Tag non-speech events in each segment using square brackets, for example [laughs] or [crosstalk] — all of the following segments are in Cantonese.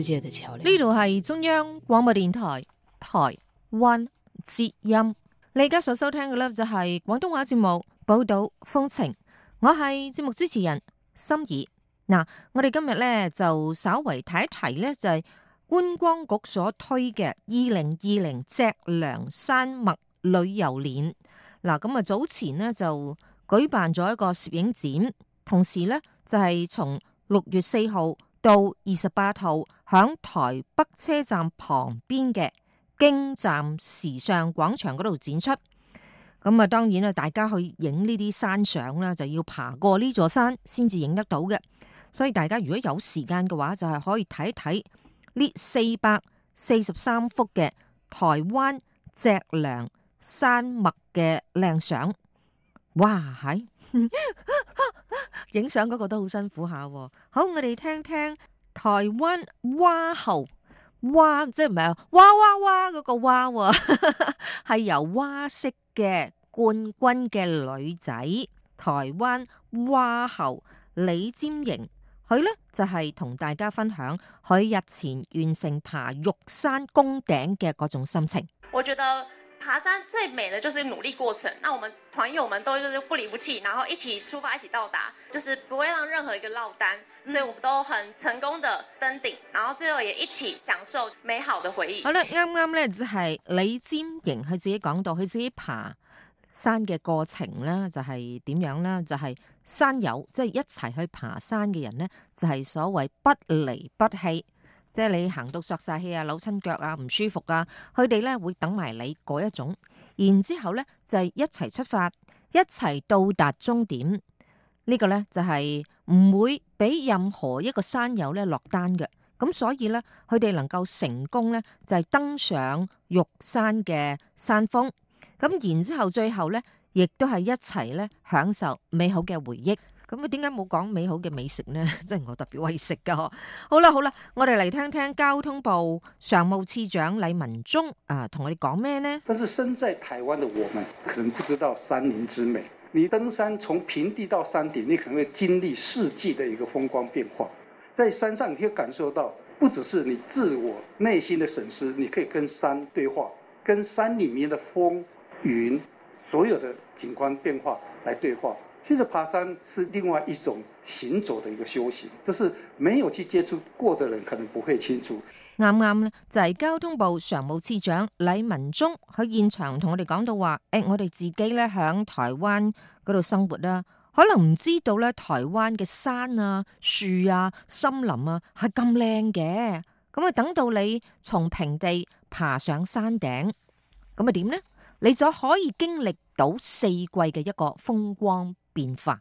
呢度係中央廣播電台台灣節音，你而家所收聽嘅咧就係廣東話節目《寶島風情》我，我係節目主持人心儀。嗱，我哋今日咧就稍微提一提咧，就係、是、觀光局所推嘅二零二零脊梁山脈旅遊年。嗱，咁啊早前呢，就舉辦咗一個攝影展，同時咧就係、是、從六月四號。到二十八號響台北車站旁邊嘅京站時尚廣場嗰度展出。咁啊，當然啦，大家去影呢啲山相啦，就要爬過呢座山先至影得到嘅。所以大家如果有時間嘅話，就係可以睇一睇呢四百四十三幅嘅台灣脊梁山脈嘅靚相。哇嗨！影相嗰個都好辛苦下。好，我哋聽聽台灣蛙猴蛙，即係唔係啊？蛙蛙蛙嗰個蛙，係 [laughs] 由蛙式嘅冠軍嘅女仔台灣蛙猴李占瑩，佢咧就係、是、同大家分享佢日前完成爬玉山攻頂嘅嗰種心情。我覺得。爬山最美的就是努力過程，那我們團友們都就是不離不棄，然後一起出發，一起到達，就是不會讓任何一個落單，所以我們都很成功的登頂，然後最後也一起享受美好的回憶。好啦，啱啱咧就係、是、李占瑩佢自己講到，佢自己爬山嘅過程咧就係點樣咧，就係、是就是、山友即係、就是、一齊去爬山嘅人咧，就係、是、所謂不離不棄。即係你行到索晒氣啊，扭親腳啊，唔舒服啊，佢哋咧會等埋你嗰一種，然之後咧就係一齊出發，一齊到達終點。這個、呢個咧就係、是、唔會俾任何一個山友咧落單嘅，咁所以咧佢哋能夠成功咧就係、是、登上玉山嘅山峰，咁然之後最後咧亦都係一齊咧享受美好嘅回憶。咁啊，點解冇講美好嘅美食呢？即 [laughs] 係我特別為食噶嗬。好啦好啦，我哋嚟聽聽交通部常務次長李文忠啊，同我哋講咩呢？但是身在台灣的我們，可能不知道山林之美。你登山從平地到山頂，你可能會經歷四季的一個風光變化。在山上，你可以感受到不只是你自我內心的沈思，你可以跟山對話，跟山裏面的風雲所有的景觀變化來對話。其實爬山是另外一種行走嘅一個修行，就是沒有去接觸過的人可能不會清楚。啱啱咧就係交通部常務次長李文忠喺現場同我哋講到話：誒、哎，我哋自己咧響台灣嗰度生活啦，可能唔知道咧台灣嘅山啊、樹啊、森林啊係咁靚嘅，咁啊等到你從平地爬上山頂，咁啊點咧？你就可以經歷到四季嘅一個風光變化，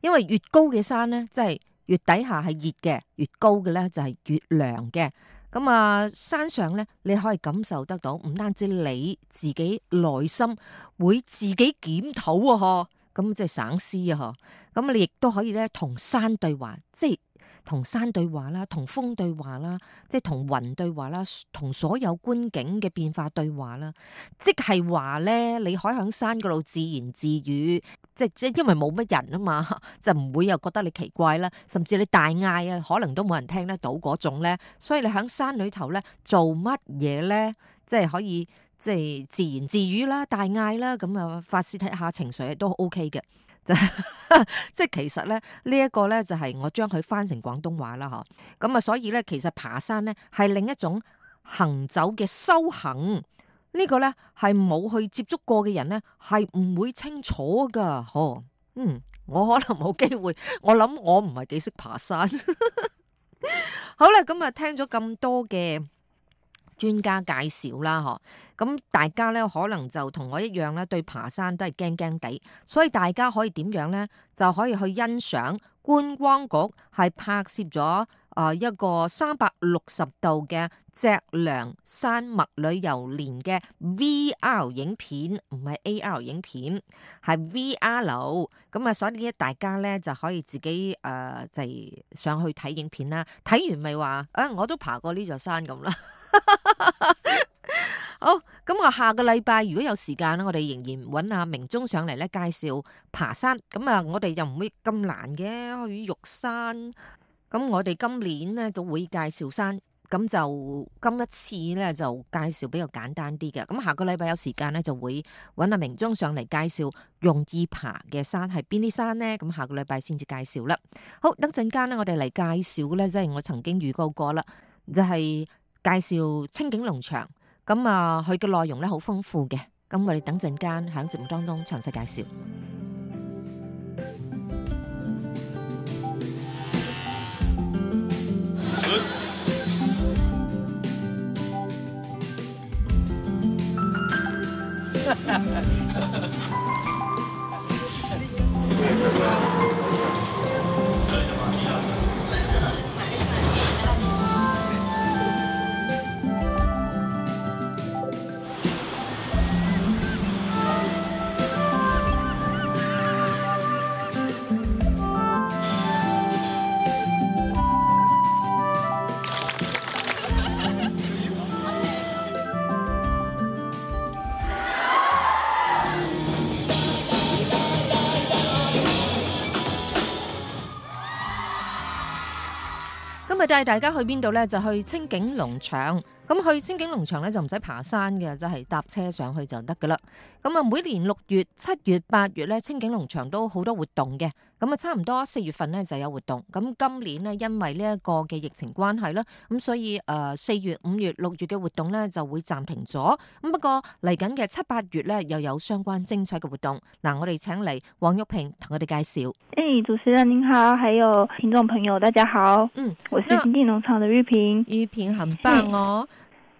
因為越高嘅山咧，即係越底下係熱嘅，越高嘅咧就係越涼嘅。咁啊，山上咧，你可以感受得到，唔單止你自己內心會自己檢討啊，嗬，咁即係省思啊，嗬，咁你亦都可以咧同山對話，即係。同山對話啦，同風對話啦，即係同雲對話啦，同所有觀景嘅變化對話啦。即係話咧，你可以喺山嗰度自言自語，即係即因為冇乜人啊嘛，就唔會又覺得你奇怪啦。甚至你大嗌啊，可能都冇人聽得到嗰種咧。所以你喺山裏頭咧，做乜嘢咧，即係可以。即係自言自語啦，大嗌啦，咁啊發洩一下情緒都 OK 嘅，即係即係其實咧呢一個咧就係我將佢翻成廣東話啦吓，咁啊所以咧其實爬山咧係另一種行走嘅修行，呢個咧係冇去接觸過嘅人咧係唔會清楚噶。嗬，嗯，我可能冇機會，我諗我唔係幾識爬山， [laughs] 好啦，咁啊聽咗咁多嘅。專家介紹啦，嗬！咁大家咧可能就同我一樣咧，對爬山都係驚驚地，所以大家可以點樣咧，就可以去欣賞觀光局係拍攝咗啊一個三百六十度嘅脊梁山脈旅遊年嘅 VR 影片，唔係 AR 影片，係 VR 流。咁啊，所以咧大家咧就可以自己誒、呃、就係上去睇影片啦。睇完咪話啊，我都爬過呢座山咁啦。 [laughs] [laughs] 好，咁我下個禮拜如果有時間咧，我哋仍然搵阿明忠上嚟咧介紹爬山。咁啊，我哋又唔會咁難嘅，去玉山。咁我哋今年咧就會介紹山，咁就今一次咧就介紹比較簡單啲嘅。咁下個禮拜有時間咧就會搵阿明忠上嚟介紹容易爬嘅山係邊啲山咧。咁下個禮拜先至介紹啦。好，等陣間咧我哋嚟介紹咧，即係我曾經預告過啦，就係。介紹清境農場，咁啊，佢嘅內容咧好豐富嘅，咁我哋等陣間喺節目當中詳細介紹。帶大家去邊度呢？就去清境農場。咁去清境農場呢，就唔使爬山嘅，即係搭車上去就得㗎喇。咁啊，每年六月、七月、八月呢，清境農場都好多活動嘅。咁啊，差唔多四月份咧就有活動。咁今年呢，因為呢一個嘅疫情關係啦，咁所以誒四月、五月、六月嘅活動咧就會暫停咗。咁不過嚟緊嘅七八月咧又有相關精彩嘅活動。嗱，我哋請嚟黃玉平同我哋介紹。誒，主持人您好，還有聽眾朋友大家好。嗯，我是清境農場嘅玉平。玉平很棒哦。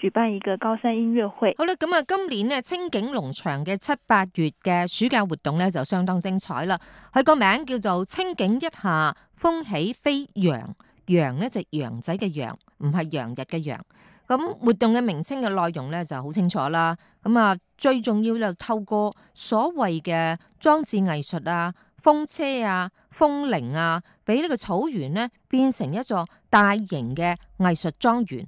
舉辦一個高山音樂會。好啦，咁啊，今年呢，清境農場嘅七八月嘅暑假活動咧就相當精彩啦。佢個名叫做“清境一夏風起飛羊”，羊呢就是、羊仔嘅羊，唔係陽日嘅陽。咁活動嘅名稱嘅內容咧就好清楚啦。咁啊，最重要就透過所謂嘅裝置藝術啦、風車啊、風鈴啊，俾呢個草原呢變成一座大型嘅藝術莊園。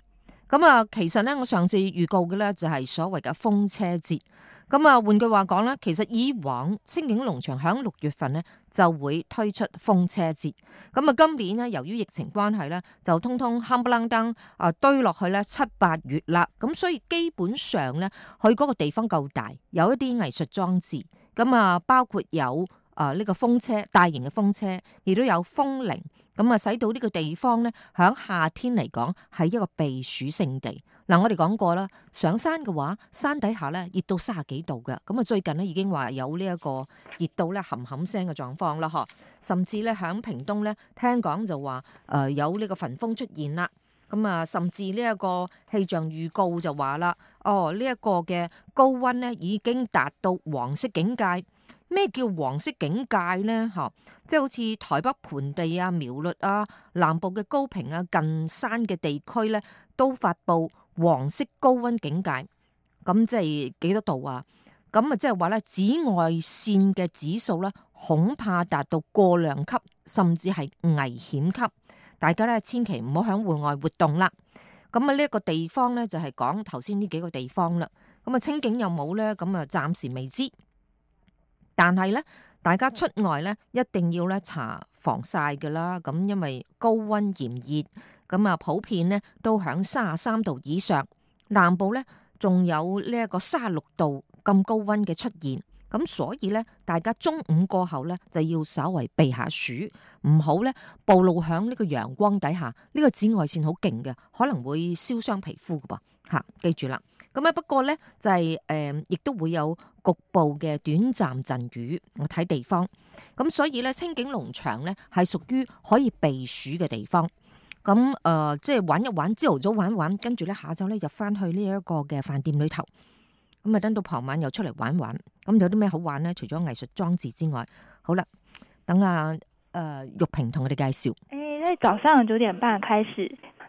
咁啊，其實咧，我上次預告嘅咧就係所謂嘅風車節。咁啊，換句話講咧，其實以往清境農場喺六月份咧就會推出風車節。咁啊，今年咧由於疫情關係咧，就通通冚唪楞登啊堆落去咧七八月啦。咁所以基本上咧，去嗰個地方夠大，有一啲藝術裝置。咁啊，包括有。啊！呢、這個風車，大型嘅風車，亦都有風鈴，咁、嗯、啊，使到呢個地方咧，響夏天嚟講係一個避暑勝地。嗱、嗯，我哋講過啦，上山嘅話，山底下咧熱到三十幾度嘅，咁、嗯、啊最近咧已經話有熱呢一個熱到咧冚冚聲嘅狀況啦，嗬。甚至咧響屏東咧，聽講就話誒、呃、有呢個焚風出現啦。咁、嗯、啊，甚至呢一個氣象預告就話啦，哦、這個、呢一個嘅高溫咧已經達到黃色警戒。咩叫黃色警戒咧？嚇，即好似台北盆地啊、苗栗啊、南部嘅高屏啊、近山嘅地區咧，都發布黃色高溫警戒。咁、嗯、即係幾多度啊？咁、嗯、啊，即係話咧，紫外線嘅指數咧，恐怕達到過量級，甚至係危險級。大家咧，千祈唔好喺戶外活動啦。咁、嗯、啊，呢、這、一個地方咧，就係講頭先呢幾個地方啦。咁、嗯、啊，清境有冇咧？咁、嗯、啊，暫時未知。但係咧，大家出外咧一定要咧搽防曬嘅啦。咁因為高溫炎熱，咁、嗯、啊，普遍咧都響三啊卅三度以上，南部咧仲有呢一個卅六度咁高溫嘅出現。咁、嗯、所以咧，大家中午過後咧就要稍為避下暑，唔好咧暴露響呢個陽光底下，呢、呢個紫外綫好勁嘅，可能會燒傷皮膚嘅噃。吓、嗯，記住啦。咁啊，不過咧就係、是、誒，亦、呃、都會有局部嘅短暫陣雨，我睇地方。咁所以咧，清境農場咧係屬於可以避暑嘅地方。咁誒、呃，即係玩一玩，朝頭早玩一玩，跟住咧下晝咧入翻去呢一個嘅飯店裏頭。咁啊，等到傍晚又出嚟玩一玩。咁有啲咩好玩咧？除咗藝術裝置之外，好啦，等阿、啊、誒、呃、玉萍同我哋介紹。誒，喺早上九點半開始。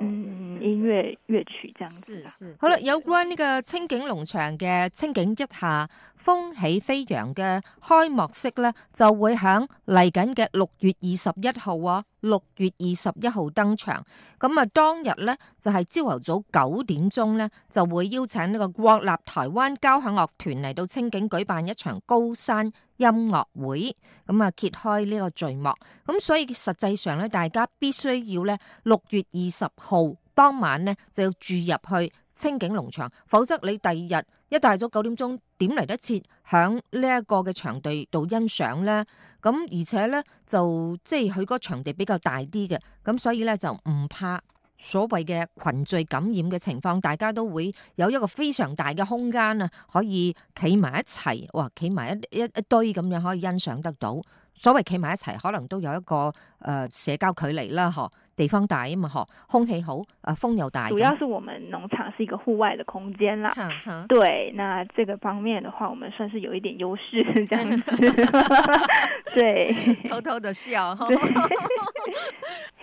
嗯，嗯音樂樂曲真係好啦，有關呢個清境農場嘅清境一夏風起飛羊嘅開幕式咧，就會響嚟緊嘅六月二十一號啊、哦，六月二十一號登場。咁、嗯、啊，當日咧就係朝頭早九點鐘咧，就會邀請呢個國立台灣交響樂團嚟到清境舉辦一場高山。音樂會咁啊，揭開呢個序幕，咁所以實際上咧，大家必須要咧六月二十號當晚咧就要住入去清境農場，否則你第二日一大早九點鐘點嚟得切響呢一個嘅場地度欣賞咧，咁而且咧就即係佢嗰個場地比較大啲嘅，咁所以咧就唔怕。所謂嘅群聚感染嘅情況，大家都會有一個非常大嘅空間啊，可以企埋一齊，哇，企埋一一一堆咁樣可以欣賞得到。所謂企埋一齊，可能都有一個誒、呃、社交距離啦，嗬，地方大咁啊，嗬，空氣好，誒，風又大。主要是我們農場是一個戶外嘅空間啦， [laughs] 對，那這個方面的話，我們算是有一點優勢，這樣子， [laughs] 對，偷偷的笑。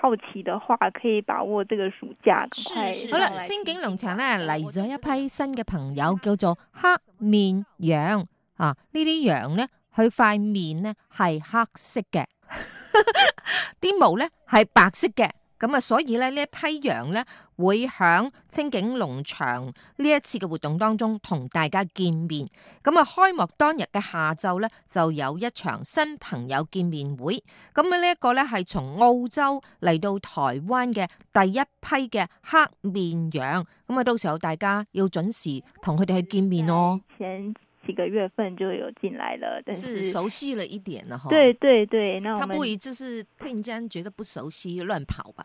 好奇嘅話，可以把握這個暑假。好啦，清境農場咧嚟咗一批新嘅朋友，叫做黑面羊啊！羊呢啲羊咧，佢塊面咧係黑色嘅，啲 [laughs] 毛咧係白色嘅。咁啊，所以咧呢一批羊咧。會喺清境農場呢一次嘅活動當中同大家見面，咁啊開幕當日嘅下晝咧就有一場新朋友見面會，咁啊呢一個咧係從澳洲嚟到台灣嘅第一批嘅黑面羊，咁啊到時候大家要準時同佢哋去見面咯。哦。前幾個月份就有進來了，但是，是熟悉了一點啦，嗬。對對對，那我……他不一定是聽講覺得不熟悉亂跑吧？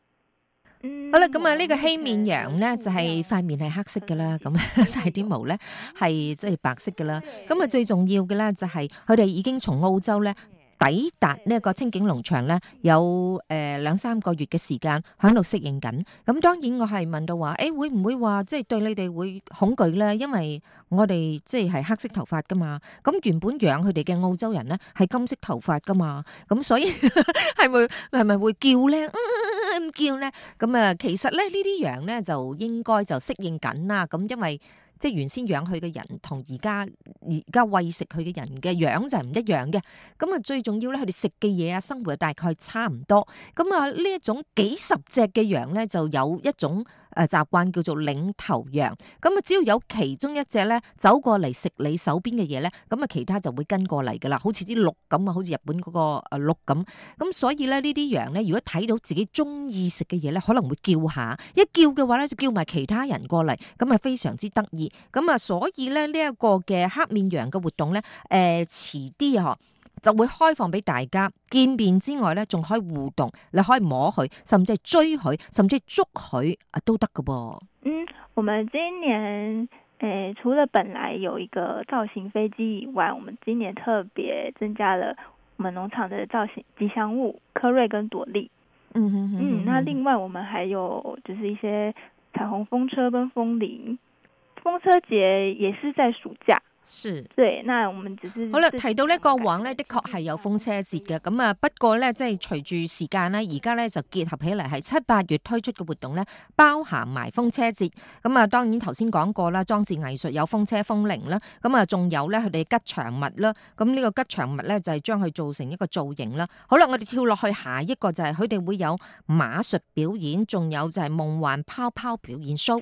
好啦，咁啊，呢個黑面羊咧就係塊面係黑色噶啦，咁晒啲毛咧係即係白色噶啦。咁啊，最重要嘅咧就係佢哋已經從澳洲咧抵達呢一個清境農場咧，有誒兩三個月嘅時間響度適應緊。咁當然我係問到話，誒、欸、會唔會話即係對你哋會恐懼咧？因為我哋即係係黑色頭髮噶嘛。咁原本養佢哋嘅澳洲人咧係金色頭髮噶嘛。咁所以係 [laughs] 會係咪會叫咧？嗯叫咧，咁啊，其實咧呢啲羊咧就應該就適應緊啦。咁因為即係原先養佢嘅人同而家而家餵食佢嘅人嘅樣就係唔一樣嘅。咁啊，最重要咧，佢哋食嘅嘢啊，生活大概差唔多。咁啊，呢一種幾十隻嘅羊咧，就有一種。誒，習慣叫做領頭羊，咁啊，只要有其中一隻咧走過嚟，食你手邊嘅嘢咧，咁啊，其他就會跟過嚟噶啦，好似啲鹿咁啊，好似日本嗰個誒鹿咁，咁所以咧呢啲羊咧，如果睇到自己中意食嘅嘢咧，可能會叫下，一叫嘅話咧就叫埋其他人過嚟，咁啊非常之得意，咁啊所以咧呢一個嘅黑面羊嘅活動咧，誒遲啲啊嗬。就會開放俾大家見面之外咧，仲可以互動，你可以摸佢，甚至係追佢，甚至係捉佢啊，都得噶噃。嗯，我們今年誒、呃、除了本來有一個造型飛機以外，我們今年特別增加了我們農場的造型吉祥物科瑞跟朵莉。嗯哼哼哼。嗯，那另外我們還有就是一些彩虹風車跟風鈴。風車節也是在暑假。是，好啦。提到呢個網咧，的確係有風車節嘅。咁啊，不過咧，即係隨住時間咧，而家咧就結合起嚟，係七八月推出嘅活動咧，包含埋風車節。咁啊，當然頭先講過啦，裝置藝術有風車風、風鈴啦。咁啊，仲有咧，佢哋吉祥物啦。咁、這、呢個吉祥物咧，就係將佢做成一個造型啦。好啦，我哋跳落去下一個就係佢哋會有馬術表演，仲有就係夢幻泡泡表演 show。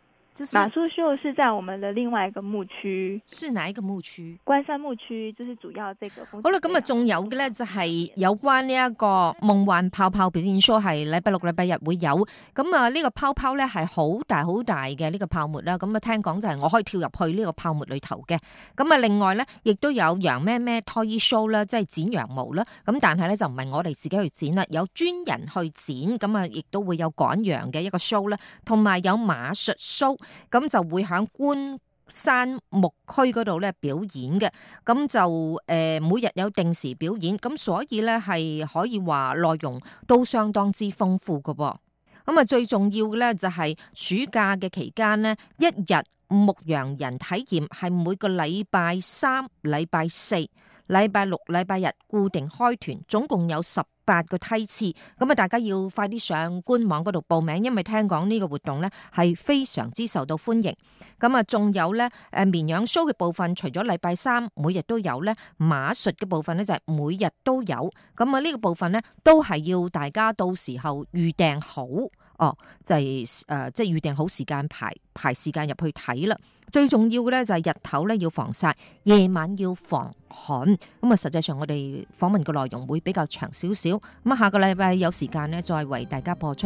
就是、馬術 show 是在我們的另外一個牧區，是哪一個牧區？關山牧區，就是主要這個。好啦，咁、嗯、啊，仲有嘅咧就係、是、有關呢一個夢幻泡泡表演 show，係禮拜六、禮拜日會有。咁、嗯、啊、呢、這個泡泡咧係好大、好大嘅呢個泡沫啦。咁啊，聽講就係我可以跳入去呢個泡沫裏頭嘅。咁、嗯、啊，另外咧亦都有羊咩咩 toy show 啦，即係剪羊毛啦。咁但係咧就唔係我哋自己去剪啦，有專人去剪。咁啊，亦都會有趕羊嘅一個 show 啦，同埋有馬術 show。咁就會喺觀山牧區嗰度咧表演嘅，咁就誒、呃、每日有定時表演，咁所以咧係可以話內容都相當之豐富㗎噃。咁啊，最重要嘅咧就係、是、暑假嘅期間咧，一日牧羊人體驗係每個禮拜三、禮拜四。禮拜六、禮拜日固定開團，總共有十八個梯次，咁啊，大家要快啲上官網嗰度報名，因為聽講呢個活動咧係非常之受到歡迎。咁啊，仲有咧，誒，綿羊 show 嘅部分，除咗禮拜三每日都有咧，馬術嘅部分咧就係每日都有，咁啊，呢個部分咧都係要大家到時候預訂好。哦，就係、是、誒，即、呃、係、就是、預定好時間排排時間入去睇啦。最重要嘅咧就係日頭咧要防曬，夜晚要防寒。咁、嗯、啊，實際上我哋訪問嘅內容會比較長少少。咁、嗯、啊，下個禮拜有時間呢，再為大家播出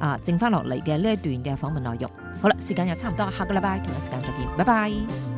啊、呃，剩翻落嚟嘅呢一段嘅訪問內容。好啦，時間又差唔多，下個禮拜同一時間再見，拜拜。